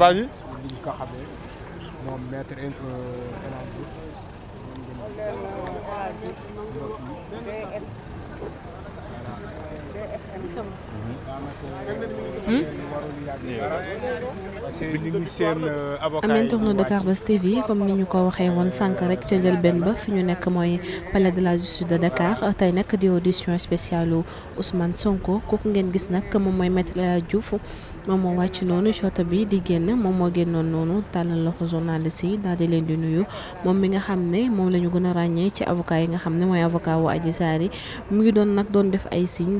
baa ngi. ñu ko xamee moom maître El Hadj am internet Dakarbuzz TV comme ni ñu ko waxee woon sànq rek ca njëlbéen ba fi ñu nekk mooy palais de la justice de Dakar tey nag di audition spéciale Ousmane Sonko kooku ngeen gis nag moom mooy Maître El Hadji Diouf moom moo wàcc noonu jota bi di génn moom moo génnoon noonu tàllal loxo journaliste yi daal di leen di nuyu moom mi nga xam ne moom la ñu gën a ràññee ci avocat yi nga xam ne mooy avocat wu Adji Sarr mu ngi doon nag doon def ay signes.